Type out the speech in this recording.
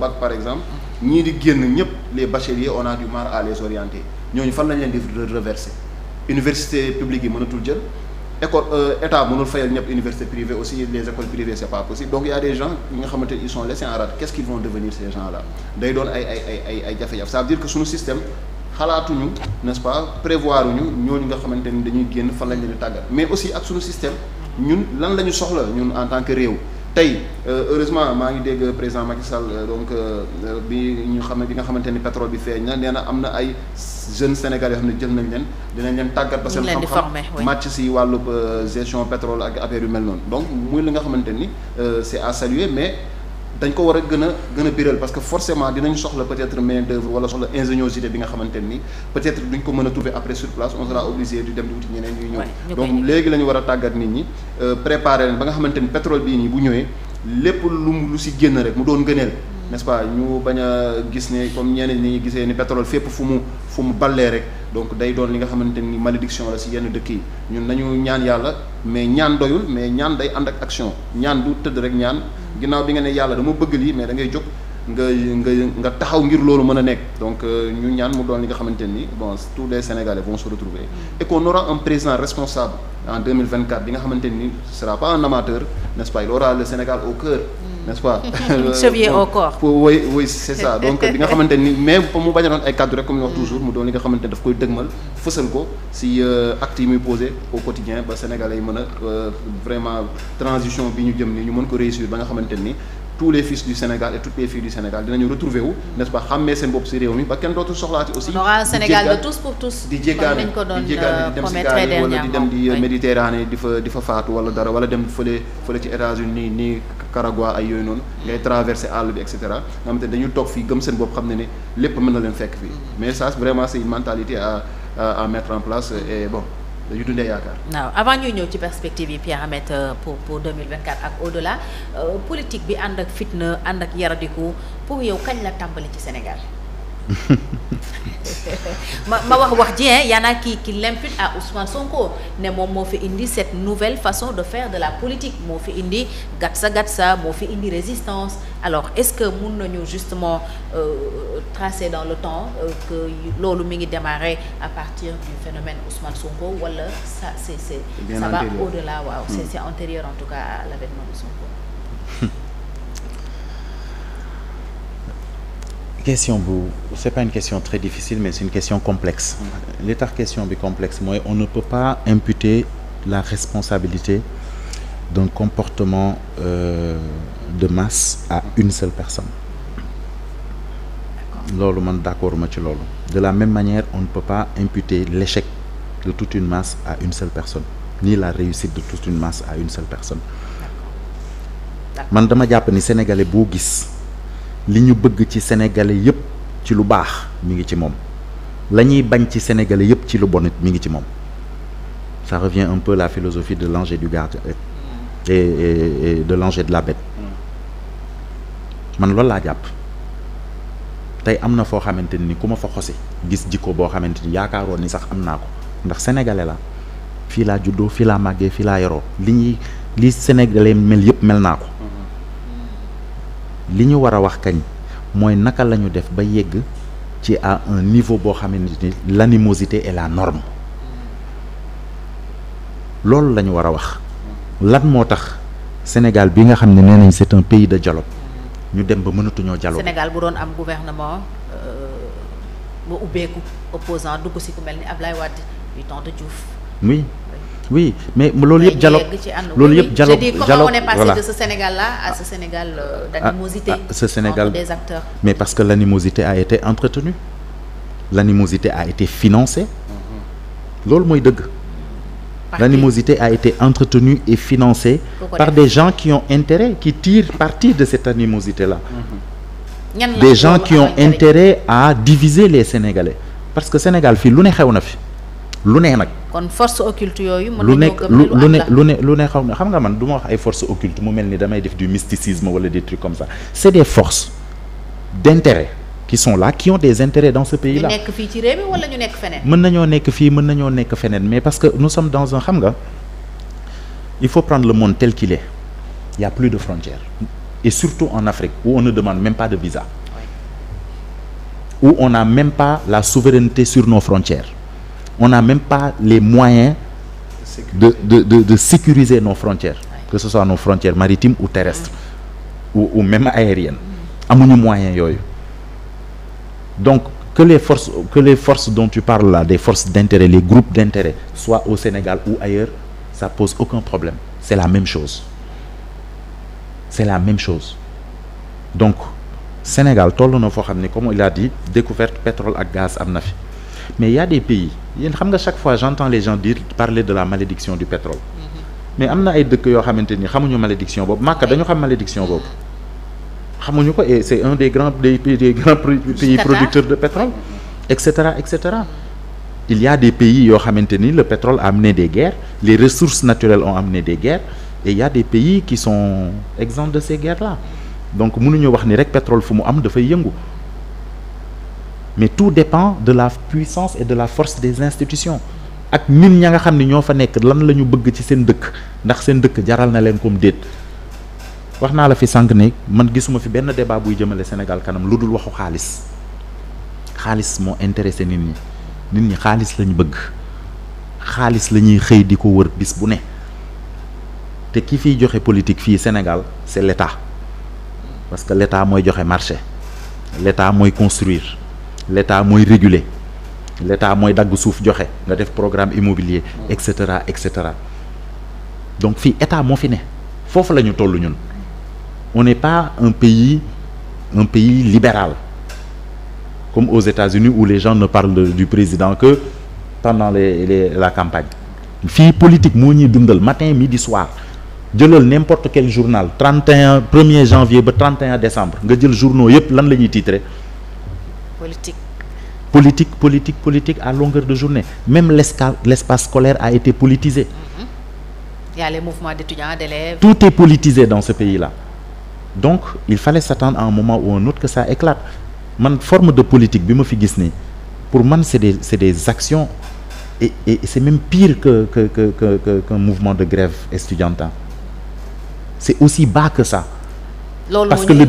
au par exemple ñii di génn ñëpp les bacheliers on a du mal à les orienter ñooñu fan lañ leen di reverser université publique yi mënatul jël école euh, état mënul fayal ñëpp université privée aussi les écoles privées c'est pas possible donc il y a des gens yi nga xamante ils sont laissés en rade qu'est-ce qu'ils vont devenir ces gens là day doon ay ay ay ay ay jafe-jafe ça veut dire que suñu système xalaatuñu nest pas prévoir ñooñu nga xamante ni dañuy génn fan lañ leen tàggat mais aussi ak suñu système ñun lan la ñu soxla ñun en tant que réew tey euh, heureusement maa ngi dégg président Macky Sall euh, donc euh, bi ñu xam bi nga xamante ni pétrole bi feeñ na nee am na ay jeunes sénégalais yoo xam ne jël nañ leen dinañ leen tàggat parce que xam-xam màcc si wàllub gestion pétrole ak affaire yu mel noonu donc muy li nga xamante ni c'est à saluer mais dañ ko war a gën a a biral parce que forcément dinañ soxla peut-être main d'œuvre wala soxla ingéniosité bi nga xamante ni peut-être duñ ko mën a trouver après sur place on sera obligé di dem di wuti ñeneen ñuy ñëw donc léegi la war a tàggat nit ñi euh, préparer leen ba nga xamante ni pétrole bii nii bu ñëwee lépp lu lu si génn rek mu doon gëneel nest pas ñu bañ a gis ne comme ñeneen ñi gisee ni pétrole fépp fu mu fu mu ballee rek donc day doon li nga xamante ni malédiction la si yenn dëkk yi ñun nañu ñaan yàlla mais ñaan doyul mais ñaan day ànd ak action ñaan du tëdd rek ñaan ginnaaw bi nga ne yàlla dama bëgg lii mais da ngay jóg nga nga nga taxaw ngir loolu mën a nekk donc euh, ñu ñaan mu doon li nga xamante ni bon tous les sénégalais vont se retrouver et qu'on aura responsable en 2024 nga xamante ni sera pas un amateur n'est-ce pas il aura le Sénégal au cœur mm. n'est-ce pas euh, chevillé au corps oui oui c'est bi nga xamante ni mais mu bañ doon ay cadre rek comme ni wax toujours mu doon li nga xamante ni daf koy dëgmal fësal ko si euh, actes yi muy posé au quotidien ba sénégalais yi mën a vraiment transition bi ñu jëm ni ñu mën ko réussir ba nga xamante ni tous les fils du Sénégal et toutes les filles du Sénégal dinañu retrouver wu n'est-ce pas xàmmee seen bopp ci réew mi ba kenn dootu soxlaati aussi Sénégal de tous pour di jéggaani di jéggaani euh, di dem di Méditerranée di fa di fa faatu wala dara wala dem fële fële ci États-Unis nii nii Caragua ay yooyu noonu ngay traverser àll bi et cetera nga xamante ne dañu toog fii gëm seen bopp xam ne ni lépp mën na leen fekk fii mm-hmm. mais ça vraiment si une mentalité à à en place et bon dañuy dundee yaakaar. waaw avant ñuy ñëw ci perspective yi Pierre-Ahmed euh, pour pour 2024 ak au-delà euh, politique bi ànd ak fitna ànd ak yaradiku pour yow kañ la tàmbali ci Sénégal. ma ma wax wax ji hein y en a l'impute à Ousmane Sonko ne moom moo fi indi cette nouvelle façon de faire de la politique moo fi indi gatsa sa moo fi indi résistance alors est-ce que mun nañu justement euh, tracer dans le temps euh, que loolu mi ngi démarrer à partir du phénomène Ousmane Sonko wala sa c'est c'est ça va au-delà waaw hmm. c'est antérieur en tout cas à l'avènement de Sonko question bu c'est pas une question très difficile mais c'est une question complexe mm-hmm. li tax question bi complexe mooy on ne peut pas imputer la responsabilité d'un comportement euh, de masse à une seule personne loolu man d'accord ma ci loolu de la même manière on ne peut pas imputer l'échec de toute une masse à une seule personne ni la réussite de toute une masse à une seule man dama jàpp ni sénégalais boo gis li ñu bëgg ci sénégalais yépp ci lu baax mu ngi ci moom la ñuy bañ ci sénégalais yépp ci lu bon mi ngi ci moom sa revient un peu la philosophie de l'ange du gardien euh, et, et, de l'ange de la bête man loolu laa jàpp tey am na foo xamante ni ku ma fa xose gis jikko boo xamante ni yaakaaroon ni sax am naa ko ndax sénégalais la fii laa juddoo fii laa màggee fii laa yaroo li ñuy li sénégalais mel yépp mel naa ko li ñu war a wax kañ mooy naka lañu def ba yegg ci a un niveau boo xamante ni l'animosité est la norme loolu lañu ñu war a wax lan moo tax Sénégal bi nga xam ne nee nañ c'est un pays de dialogue ñu dem ba mënatuñoo dialogue. Sénégal bu doon am gouvernement euh, ba ubbeeku opposant dugg si ku mel ni Ablaye Wade du temps de Diouf. oui mais loolu yëpp dialogue loolu yëpp dialogue dialogue voilà ce Sénégal là à ce euh, ah, ah, Sénégal des acteurs mais parce que l'animosité a été entretenue l'animosité a été financée mm-hmm. loolu mooy dëgg l'animosité a été entretenue et financée par des gens qui ont intérêt qui tirent parti de cette animosité là mm-hmm. des gens qui ont intérêt à diviser les Sénégalais parce que Sénégal fii lu ne fi lu ne nag. kon force occulte yooyu. lu nekk lu lu ne lu ne lu ne xaw na xam nga man du ma wax ay force occulte mu mel ni damay def du mysticisme wala des trucs comme ça c' est des forces d' intérêt qui sont là qui ont des intérêts dans ce pays là. fii ci réew mën nañoo nekk fii mën nañoo nekk feneen mais parce que nous sommes dans un xam nga il faut prendre le monde tel qu'il est plus de frontières et surtout en Afrique où on ne demande même pas de visa. où on n'a même pas la souveraineté sur nos frontières. on n'a même pas les moyens de de de sécuriser nos frontières que ce soit nos frontières maritimes ou terrestres ou ou même aériennes amuñu moyens yooyu donc que les forces que les forces dont tu parles là des forces d'intérêt les groupes d'intérêt soit au Sénégal ou ailleurs ça pose aucun problème c'est la même chose c'est la même chose donc Sénégal toll na foo xam ne comme il a dit découverte pétrole ak gaz am na fi mais il y a des pays yéen xam nga chaque fois j'entends les gens dire parler de la malédiction du pétrole mhm. mais am na ay dëkk yoo xamante ni xamuñu malédiction boobu màkk dañu xam malédiction boobu xamuñu ko et c'est un des grands des des grands pays producteurs de pétrole et cetera et cetera il y des pays yoo xamante ni le pétrole a amené des guerres les ressources naturelles ont amené des guerres et il y a des pays qui sont exempts de ces guerres là donc mënuñu wax ni rek pétrole fu mu am dafay yëngu mais tout dépend de la puissance et de la force des institutions ak nit ña nga xam ne ñoo fa nekk lan la ñu bëgg ci seen dëkk ndax seen dëkk jaral na leen comme déet wax naa la fi sànq ne man gisuma fi benn débat buy jëmale Sénégal kanam lu dul waxu xaalis xaalis moo intéressé nit ñi nit ñi xaalis lañu bëgg xaalis la ñuy xëy di ko wër bis bu ne te ki fiy joxe politique fii Sénégal c'est l'État parce que l'État mooy joxe marché l'État mooy construire l'état mooy réguler l'état mooy dagg suuf joxe nga def programme immobilier et cetera et cetera donc fii état moo fi ne foofu la ñu toll ñun on n'est pas un pays un pays libéral comme aux États-Unis où les gens ne parlent du président que pendant les, la campagne fii politique moo ñuy dundal matin midi soir jëlal n'importe quel journal 31 1er janvier ba 31 décembre nga jël journaux yépp lan la ñuy titrer politique politique politique politique à longueur de journée même l'esca l'espace scolaire a été politisé mm -hmm. il y a les mouvements d'étudiants d'élèves tout est politisé dans ce pays là donc il fallait s'attendre à un moment ou un autre que ça éclate man forme de politique bi ma fi gis nii pour man c'est des c'est des actions et et c'est même pire que que que que que qu'un mouvement de grève estudiantin c'est aussi bas que ça. loolu parce que le